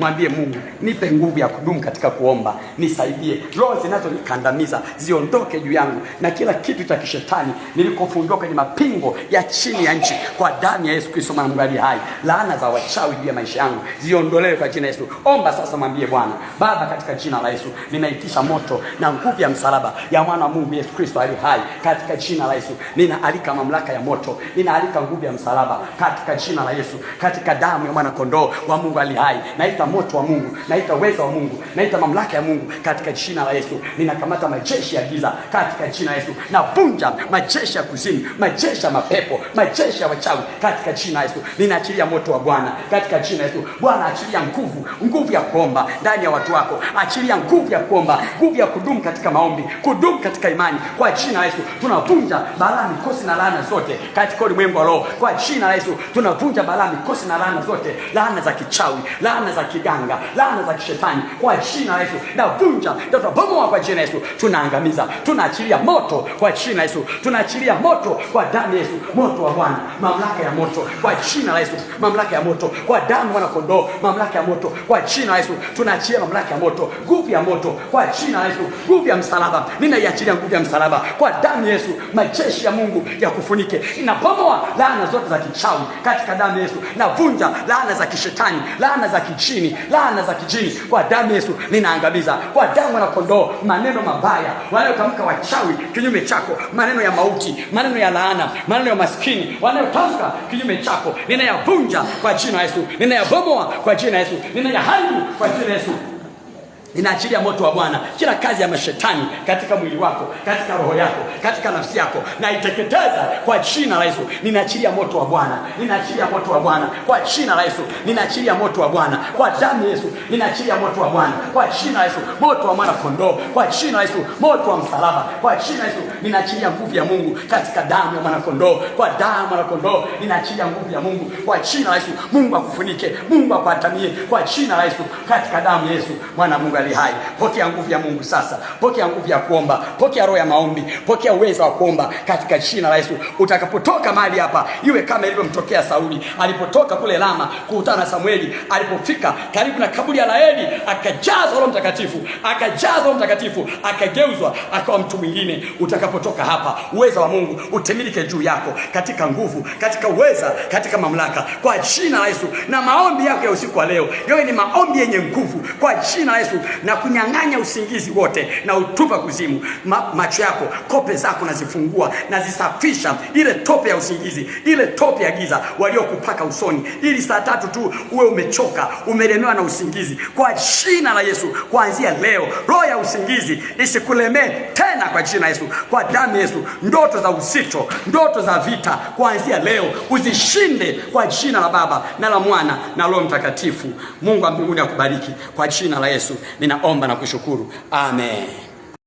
Mwambie Mungu, nipe nguvu ya kudumu katika kuomba, nisaidie. Roho zinazonikandamiza ziondoke juu yangu, na kila kitu cha kishetani nilikofungiwa kwenye mapingo ya chini ya nchi, kwa damu ya Yesu Kristo mwana Mungu hai. Laana za wachawi juu ya maisha yangu ziondolewe kwa jina Yesu. Omba sasa, mwambie Bwana Baba, katika jina la Yesu ninaitisha moto na nguvu ya msalaba ya mwana wa Mungu Yesu Kristo ali hai. Katika jina la Yesu ninaalika mamlaka ya moto, ninaalika nguvu ya msalaba katika jina la Yesu, katika damu ya mwana kondoo wa Mungu ali hai naita moto wa Mungu, naita uwezo wa Mungu, naita mamlaka ya Mungu katika jina la Yesu. Ninakamata majeshi ya giza katika jina la Yesu, navunja majeshi ya kuzimu, majeshi ya mapepo majeshi ya wachawi katika jina Yesu, ninaachilia moto wa Bwana katika jina Yesu. Bwana, achilia nguvu, nguvu ya kuomba ndani ya watu wako, achilia nguvu ya kuomba, nguvu ya kudumu katika maombi, kudumu katika imani. Kwa jina Yesu tunavunja balaa, mikosi na laana zote katika ulimwengu wa roho. Kwa jina Yesu tunavunja balaa, mikosi na laana zote, laana za kichawi, laana za kiganga, laana za kishetani. Kwa jina Yesu navunja, ndio tunabomoa kwa jina Yesu, tunaangamiza, tunaachilia moto kwa jina Yesu, tunaachilia moto kwa damu Yesu, moto wa Bwana, mamlaka ya moto kwa jina la Yesu, mamlaka ya moto kwa damu mwana kondoo, mamlaka ya moto kwa jina la Yesu, tunaachia mamlaka ya moto, nguvu ya moto kwa jina la Yesu, nguvu ya msalaba, ninaiachilia nguvu ya msalaba kwa damu Yesu, majeshi ya Mungu ya kufunike, inapomoa laana zote za kichawi katika damu Yesu, navunja laana za kishetani, laana za kichini, laana za kijini kwa damu Yesu, ninaangamiza kwa damu mwana kondoo, maneno mabaya wanayotamka wachawi kinyume chako, maneno ya mauti, maneno ya laana, maneno ya maskini chini, wanayotamka kinyume chako, ninayavunja kwa jina Yesu, ninayabomoa kwa jina Yesu, ninayaharibu kwa jina Yesu. Ninaachilia moto wa Bwana kila kazi ya mashetani katika mwili wako, katika roho yako, katika nafsi yako, naiteketeza kwa jina la Yesu. Ninaachilia moto wa Bwana, ninaachilia moto wa Bwana kwa jina la Yesu. Ninaachilia moto wa Bwana kwa damu ya Yesu. Ninaachilia moto wa Bwana kwa jina la Yesu, moto wa mwana kondoo kwa jina la Yesu, moto wa msalaba kwa jina la Yesu. Ninaachilia nguvu ya Mungu katika damu ya mwana kondoo, kwa damu ya mwana kondoo. Ninaachilia nguvu ya Mungu kwa jina la Yesu. Mungu akufunike, Mungu akuatamie kwa jina la Yesu, katika damu ya Yesu mwana Mungu ali hai. Pokea nguvu ya Mungu sasa, pokea nguvu ya kuomba, pokea roho ya maombi, pokea uwezo wa kuomba katika jina la Yesu. Utakapotoka mahali hapa, iwe kama ilivyomtokea Sauli alipotoka kule Lama kukutana na Samueli. Alipofika karibu na kaburi ya Eli akajazwa Roho Mtakatifu, akajazwa Roho Mtakatifu, akageuzwa akawa mtu mwingine. Utakapotoka hapa, uweza wa Mungu utemilike juu yako katika nguvu, katika uweza, katika mamlaka, kwa jina la Yesu. Na maombi yako ya usiku wa leo yawe ni maombi yenye nguvu kwa jina la Yesu na kunyang'anya usingizi wote na utupa kuzimu. Ma, macho yako kope zako nazifungua, nazisafisha ile tope ya usingizi, ile tope ya giza waliokupaka usoni, ili saa tatu tu uwe umechoka, umelemewa na usingizi. Kwa jina la Yesu, kuanzia leo roho ya usingizi isikulemee tena, kwa jina la Yesu, kwa damu ya Yesu. Ndoto za uzito, ndoto za vita, kuanzia leo uzishinde kwa jina la Baba na la Mwana na Roho Mtakatifu. Mungu wa mbinguni akubariki kwa jina la Yesu ninaomba na kushukuru, amen.